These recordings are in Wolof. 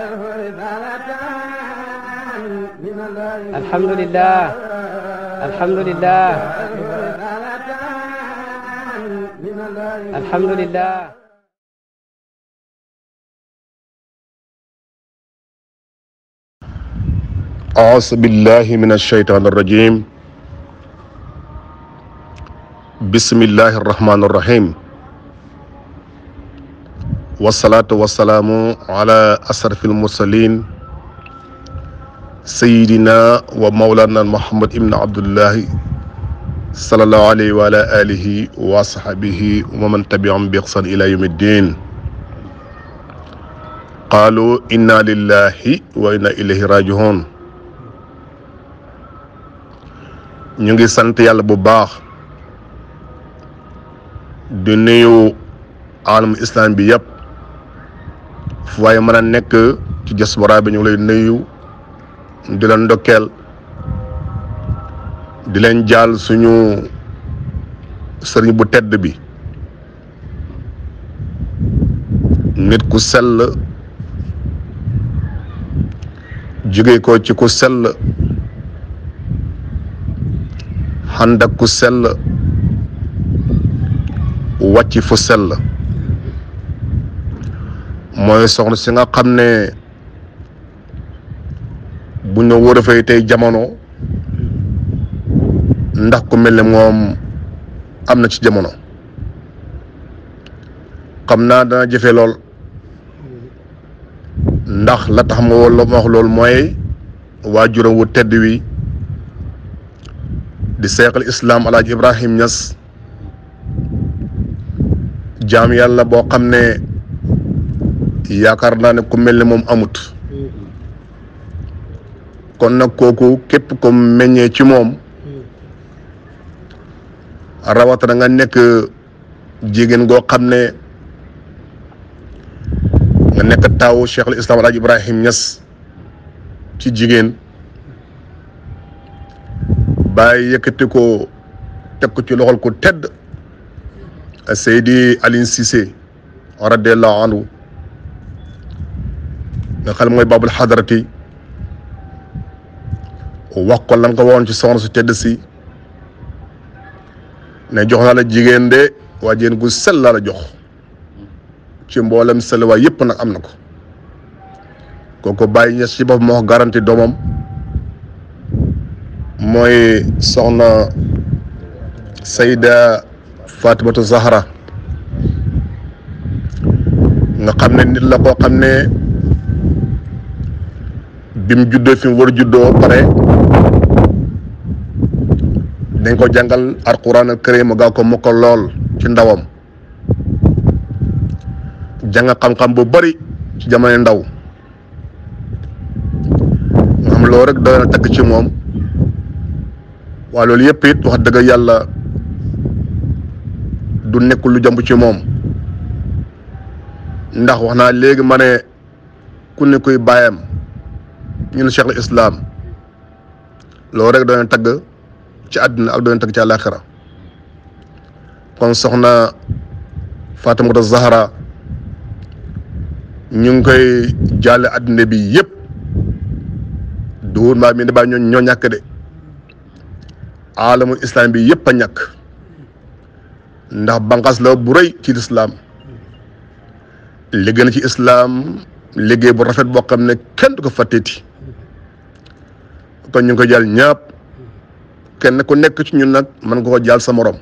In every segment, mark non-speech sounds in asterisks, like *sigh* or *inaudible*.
alhamdulilah alhamdulilah alhamdulilah أعوذ بالله من الشيطان الرجيم بسم الله الرحمن الرحيم wasalaatu wasalaamu ala asrafil mursalin sayidina wa maulana muhammad ibn abdullahi salallahu alayhi wa ala alihi wa sahabihi wa man tabiahum bi ixsan ila yawmi ddin qaalu inna lillahi wa inna ilayhi rajiun ñu ngi sant yàlla bu baax di nuyu alam islam bi yëpp fu waaye mën a nekk ci diaspora bi ñu lay nuyu di la ndokkeel di leen jaal suñu sëriñ bu tedd bi nit ku sell jóge ko ci ku sell xànd ak ku sell wàcc fu sell mooy soxna si nga xam ne bu ñu wóor dafay tey jamono ndax ku mel ne moom am na ci jamono xam naa dana jëfe lool ndax la tax ma wala ma mooy waajuram wu tedd wi di seexal islaam alaaj Ibrahim Ñas jaam yàlla boo xam ne yaakaar naa ne ku mel ne moom amut kon nag kooku képp ko meññee ci moom rawatina nga nekk jigéen goo xam ne nga nekk taawu Cheikh al Islam Alaaji Ibrahim Ñas ci jigéen bàyyi yëkkati ko teg ko ci loxol ko tedd Seydi Aline Cissé radiyallahu anhu nga xam mooy babul xadarati wax ko lan ko waxoon ci soxna su tedd si ne jox naa la jigéen de waa jigéen gu sell laa jox ci mboolem sell waay yëpp nag am na ko kooku bàyyi ñes ci moo garanti doomam mooy soxna Sayda Fatimatu Zahra nga xam ne nit la koo xam ne bi mu juddoo fi mu war a juddoo pare dañ ko jàngal alquran al karim gaaw ko mokkal lool ci ndawam jàng xam-xam bu bari ci jamono ndaw nga xam loolu rek doy na takk ci moom waaye loolu yëpp it wax dëgg yàlla du nekk lu jàmb ci moom ndax wax naa léegi ma ne ku ne kuy ñun cheikh al islam loolu rek doon tagg ci àdduna ak doon tagg ci àllaaxira kon soxna Fatimata Zahra ñu ngi koy jàlle àdduna bi yëpp duur mbaa mi ne ba ñoo ñoo ñàkk de aalamu islam bi yëpp a ñàkk ndax banqaas la bu rëy ci lislaam liggéey ci islaam liggéey bu rafet boo xam ne kenn du ko fàtteeti kon ñu ngi ko jàll ñëpp kenn ku nekk ci ñun nag mën nga ko jàll sa morom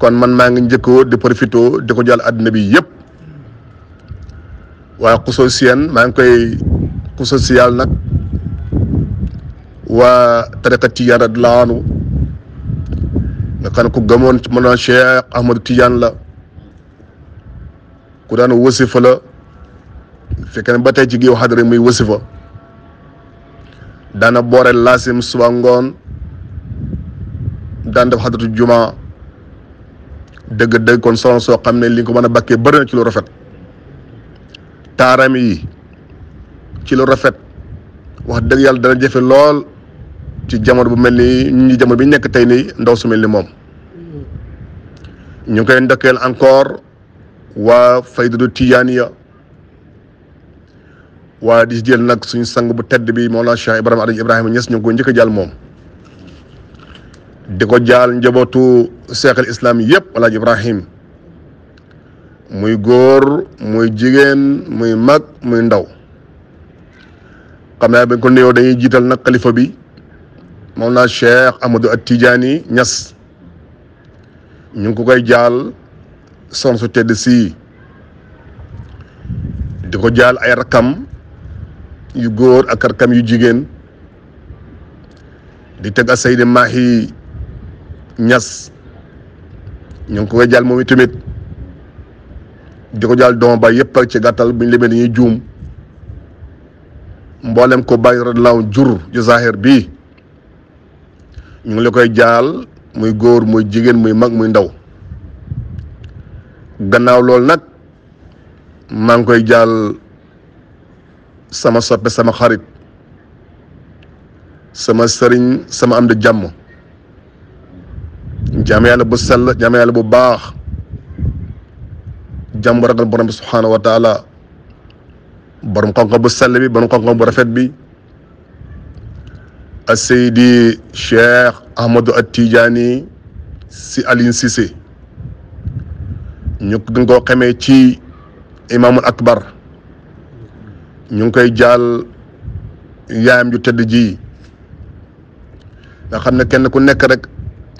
kon man maa ngi njëkkoo di profito di ko jàll àddina bi yëpp waa xusosiyen maa ngi koy xusosiyal nag waa tariqa Tijaan radiyallaahu anhu nga xam ne ku gëmoon ci mënoon Cheikh Ahmadou Tidiane la ku daan wasifa la fekkee ne ba tey ci géew xadara muy wasifa dana boore laasim suba ngoon daan def xadratu jumaa dëgg-dëgg kon soxna soo xam ne li ko mën a bakkee bëri ci lu rafet taaram yi ci lu rafet wax dëgg yàlla dana jafe lool ci jamono bu mel ni ñi jamono bi nekk tey nii ndaw su mel ni moom mm. ñu ngi ndokkeel encore waa faydatu tijaaniya waaye di jël nag suñu sang bu tedd bi Mawlana Cheikh Ibrahima Alioune Ibrahima Niass ñu ngi koy njëkk a jaal moom. di ko jaal njabootu seexal islam yëpp El ji Ibrahim muy góor muy jigéen muy mag muy ndaw xam naa bañ ko nuyoo dañuy jiital nag xalifa bi Mawlana Cheikh Amadou At-Tidiane ñas ñu ngi ko koy jaal soxna su tedd sii di ko jaal ay rakam yu góor ak arkam yu jigéen di teg Seydi Mahi Ñas ñu ngi ko koy jàll moom itamit di ko jaal doom ba yëpp ci gàttal buñ limee dañuy juum mboolem ko bàyyi radlaw jur ju zahir bi ñu ngi la koy jaal muy góor muy jigéen muy mag muy ndaw gannaaw loolu nag maa ngi koy jaal sama soppe sama xarit sama sëriñ sama am di jàmm jàmm yàlla bu sell jàmm bu baax jàmm bu ragal borom bi subhaanahu wa taala borom xam sell bi borom xam bu rafet bi a seydi cheikh ahmadou at tijaani si Alioune Cissé ñu gën koo xamee ci imaamul akbar ñu ngi koy jaal yaayam ju tëdd ji nga xam ne kenn ku nekk rek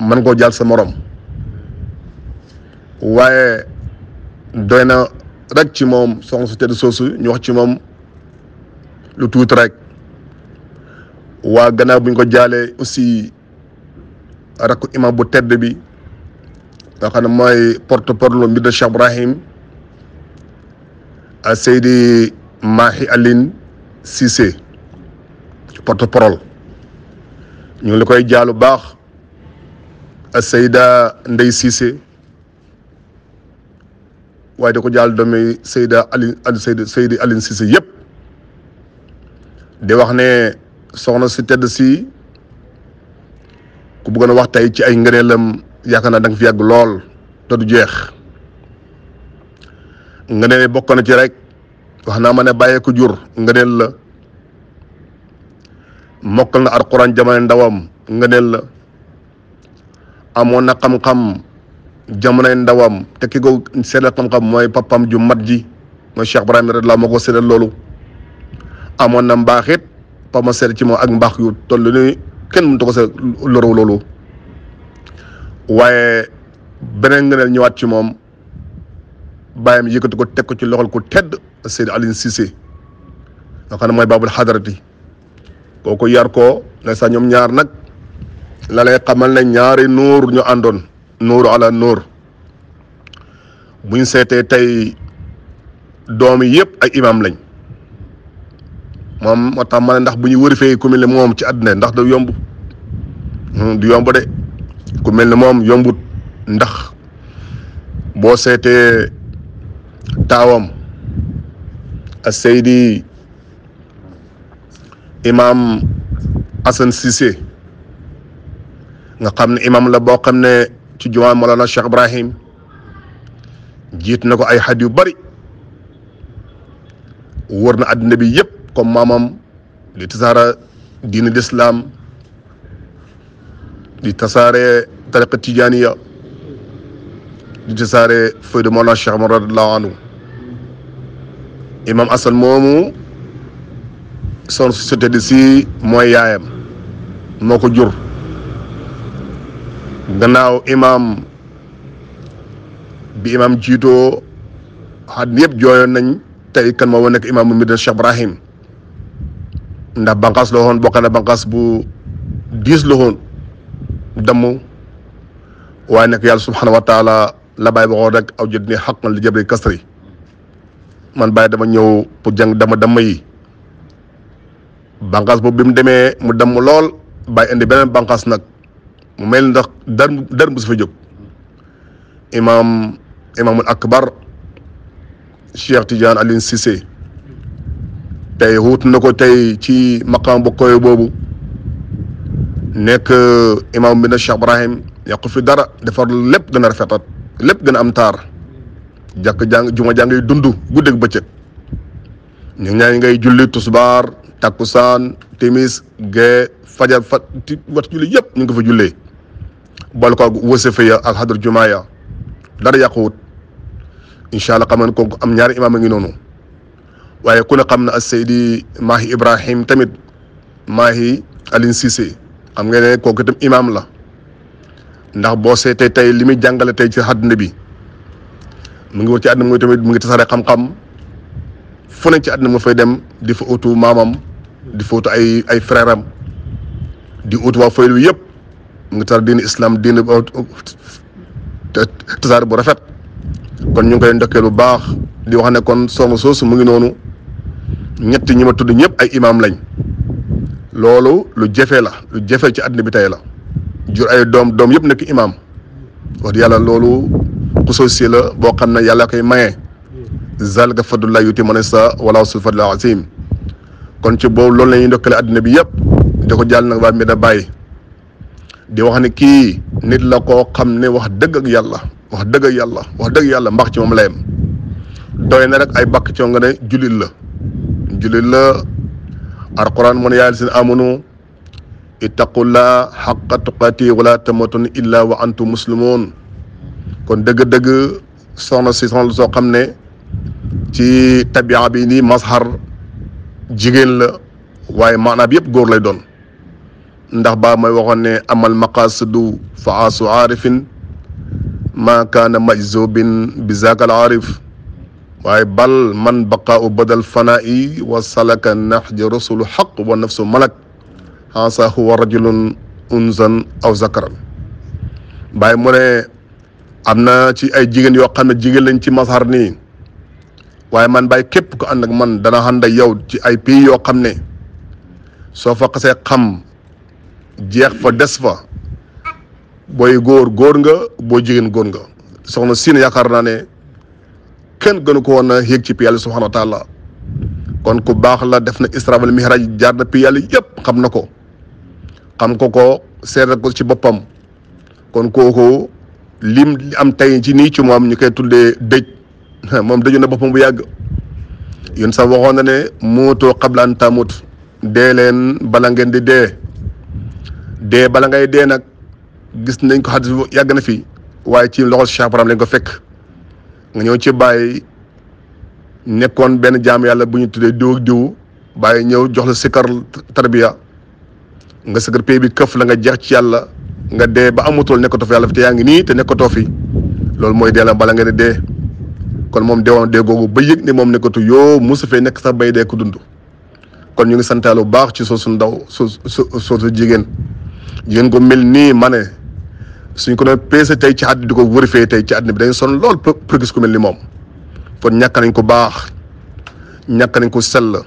mën koo jaal sa morom waaye doy na rek ci moom soxna su tëdd soosu ñu wax ci moom lu tuuti rek waa gannaaw bu ñu ko jaalee aussi rakku imam bu tedd bi nga xam ne mooy porte-parole mbir de Cheikh Ibrahim a Seydi Mahi Aline Cissé porte ñu ngi la koy jaalu baax a Seyda Ndey Cissé waaye da ko jaal doomi Seyda Aline Seyda Seydi Aline Cissé yëpp di wax ne soxna si tedd si ku bëggoon na wax tey ci ay ngëneelam yaakaar naa da fi yàgg lool te du jeex nga ne bokk na ci rek wax naa ma ne bàyyee ko jur ngëneel la mokkal na alquran jamono ndawam ngëneel la amoon na xam-xam jamonoy ndawam te ki ko seedal xam mooy papam ju mat ji mooy Cheikh Ibrahima radiyallaahu moo ko loolu amoon na mbaax it pama seedal ci moom ak mbaax yu toll ni kenn mënut ko seet loru loolu waaye beneen ngëneel ñëwaat ci moom. baayam yëkkati ko teg ko ci loxol ko tedd Seydou Aline Cissé nga xam ne mooy baabul xadarati kooku yar ko ne sax ñoom ñaar nag la lay xamal na ñaari nuur ñu àndoon nuuru ala nuur buñ seetee tey doom yi yëpp ay imam lañ moom moo tax ma ne ndax bu ñu wërifee ku mel moom ci àddina ndax du yomb hmm, du yomb de ku mel ne moom yombut ndax boo seetee taawam a seydi imam Assane Cissé nga xam ne imam la boo xam ne ci jumaa Mawlana Cheikh Ibrahim jiit na ko ay xat yu bari wër na àddina bi yëpp comme maamam di tasaara diine l'islam di tasaare tariqa tijaaniya di tasaare feu de Mawlana Cheikh Ahmad radiyallahu anhu imam Assane moomu son société di si mooy yaayam moo ko jur gannaaw imam bi imam jiito xaat yëpp jooyoon nañ tey kan moo woon nekk imam mu Medina Cheikh Ibrahim ndax banqaas la woon bokk banqaas bu diis la woon waaye nag yàlla subhanahu wa taala la Baye waxoon rek aw jot ne xaqal li jabri kastri man Baye dama ñëw pu jàng dama dama yi bànqaas boobu bi mu demee mu damm lool Baye indi beneen bànqaas nag mu mel ni ndax dar dar bu su fa jóg imaam imaamul akbar Cheikh Tidiane Alioune Cissé tey wut na ko tey ci maqaam bu koy boobu nekk imaam bi na Cheikh Ibrahim yàqu fi dara defar lépp dana rafetat lépp gën a am taar jàkk jàng juma jàngay dund guddeeg bëccëg ñu ñaan ngay julli tusbaar takkusaan timis gee fajar fat wat julli yëpp ñu ngi ko fa jullee boole ko ak wasifa ya ak xadar jumaa ya dara yàquwut incha allah xam ko am ñaari imaam a ngi noonu waaye ku ne xam na as Seydi Mahi Ibrahim tamit Mahi Aline Cissé xam nga itam imaam la ndax boo seetee tey li muy jàngale tey ci àdduna bi mu ngi wër ci àdduna mooy tamit mu ngi tasaare xam-xam fu ne ci àdduna mu fay dem di fa utu maamam di fa ay ay frère di utu waa faylu yëpp mu ngi tasaare diin islam diin tasaare bu rafet kon ñu ngi koy ndokkeel bu baax di wax ne kon soxna soosu mu ngi noonu ñett ñi ma tudd ñëpp ay imaam lañ loolu lu jafe la lu jafe ci àdduna bi tey la jur ay doom doom yëpp nekk imaam wax dëgg yàlla loolu xusuusi la boo xam ne yàlla koy maye zalika fadlullahi yuti man sa wala sul fadlu azim kon ci boobu loolu la ñuy àddina bi yëpp di ko jàll nag waa Médina di wax ne kii nit la koo xam ne wax dëgg yàlla wax dëgg yàlla wax dëgg yàlla mbax ci moom layam doy na rek ay bakk ci nga ne jullit la jullit la alquran moo ne yaa seen amunu ittaqullaa xaqa tuqaati wala tamatun illa wa antum muslimun kon dëgg-dëgg soxna si soxna soo xam ne ci tabia bi nii mazhar jigéen la waaye maanaam yëpp góor lay doon ndax baa mooy waxoon ne amal maqasidu fa asu aarifin ma kaana majzubin bi zaakal aarif waaye bal man baqaau badal fanaa'i wa salaka naxja rasulu xaq wa nafsu malak ansa war rajulun unzan aw zakaran bàyyi mu ne am na ci ay jigéen yoo xam ne jigéen lañ ci masar nii waaye man bàyyi képp ko ànd ak man dana ànd ak yow ci ay pays yoo xam ne soo fa xasee xam jeex fa des fa booy góor góor nga boo jigéen góor nga soxna Sine yaakaar naa ne kenn gënu ko woon na yéeg ci yàlla subhanahu wa taala kon ku baax la def na isra wal mihraj jaar na yàlla yëpp xam na ko xam ko ko seetal ko ci boppam kon kooku lim am tey ci nii ci moom ñu koy tuddee dëj *laughs* moom dëju na boppam bu yàgg yoon sax waxoon na ne mootoo xablaan tamut dee leen bala ngeen di dee dee bala ngay dee nag gis nañ ko xadis yàgg na fi waaye ci loxol Cheikh Ibrahim lañ ko fekk nga ñëw ci bàyyi nekkoon benn jaam yàlla bu ñu tuddee diw ak diw bàyyi ñëw jox la tarbiya nga sëgër pay bi këf la nga jeex ci yàlla nga dee ba amatul nekkatoo fi yàlla fi te yaa ngi nii te nekkatoo fi loolu mooy dee la bala nga ne dee kon moom dee woon dee googu ba yëg ni moom nekkatu yoo mosu fee nekk sa bay dee ku dund kon ñu ngi santaal bu baax ci soosu ndaw su su soosu jigéen jigéen ko mel nii ma ne suñ ko doon peese tey ci àdd di ko fee tey ci àddina bi dañ son lool pour gis ku mel ni moom kon ñàkk nañ ko baax ñàkk nañ ko sell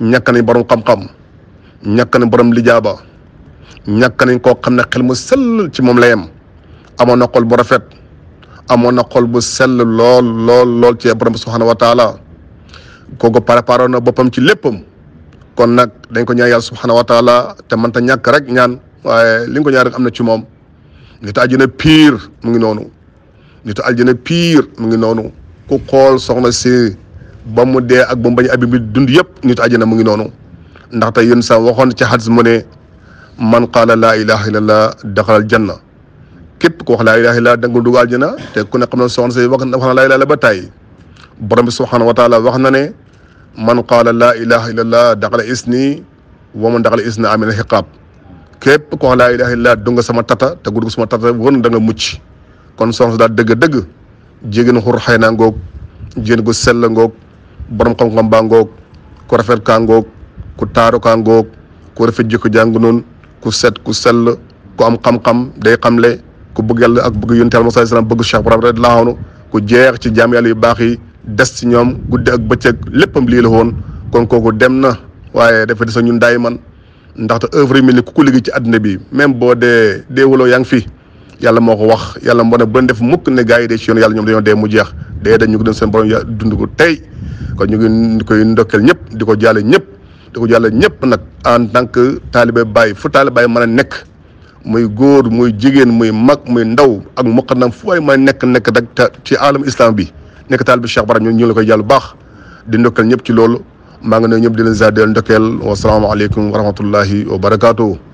ñàkk nañ borom xam ñàkk na borom lijaaba ñàkk nañ koo xam ne xel mu sell ci moom la yem amoon na xol bu rafet amoon na xol bu sell lool lool lool ci borom subhanahu wa taala kooku na boppam ci léppam kon nag dañ ko ñaar yàlla subhanahu wa taala te mënta ñàkk rek ñaan waaye li ko ñaan am na ci moom nitu aljana piir mu ngi noonu nitu aljana piir mu ngi noonu ku xool soxna si ba mu dee ak ba mu bañ abi bi dund yëpp nitu aljana mu ngi noonu ndaxte yén saa waxoon ci xadis mu ne man qaala laa ilaha illallah daxalal janna képp ku wax laa ilaha illallah danga dugg aljana te ku ne xam na soxna say wax na laa ilaha illallah ba tàyyi borom bi subhanahu wa taala wax na ne man qaala laa ilaha illallah daxala isni wa man daxala isni amina xiqaab képp ku wax laa ilaha illallah dunga sama tata te gudug sama tata won da nga mucc kon soxna daal dëgg-dëgg jigéen xur xëy naa ngoog jigéen gu sell ngoog borom xam-xam baa ngoog ku rafet kaa ku taaru kaa ngoog ku rafet jikko jàng noonu ku set ku sell ku am xam-xam day xamle ku bëgg yàlla ak bëgg yonent Muhammad sallallahu alayhi wasallam bëgg Cheikh Ibrahima radiyallahu anhu ku jeex ci jaam yu baax yi des ci ñoom guddi ak bëccëg léppam lii la woon kon kooku dem na waaye dafa des ñun daay man ndaxte œuvre yi mel ni ko liggéey ci àddina bi même boo dee deewuloo yaa ngi fi yàlla moo ko wax yàlla moo ne bu def mukk ne gars yi dee ci yoon yàlla ñoom dañoo dee mu jeex dee dañ ñu ko dem seen borom ya dund ko tey kon ñu ngi koy ndokel ñëpp di ko jaale ñëpp di ko jàll ñëpp nag en tant que taalibe Baye fu taalibe Baye mën a nekk muy góor muy jigéen muy mag muy ndaw ak muqaddam fu waay mën a nekk nekk rek ci alam islam bi nekk taalibe Cheikh Bara ñu ngi la koy jàll bu baax di ndokkal ñëpp ci loolu maa ngi ne ñëpp di leen ziar di leen ndokkeel wa salaamu aleykum wa rahmatullahi wa barakaatu.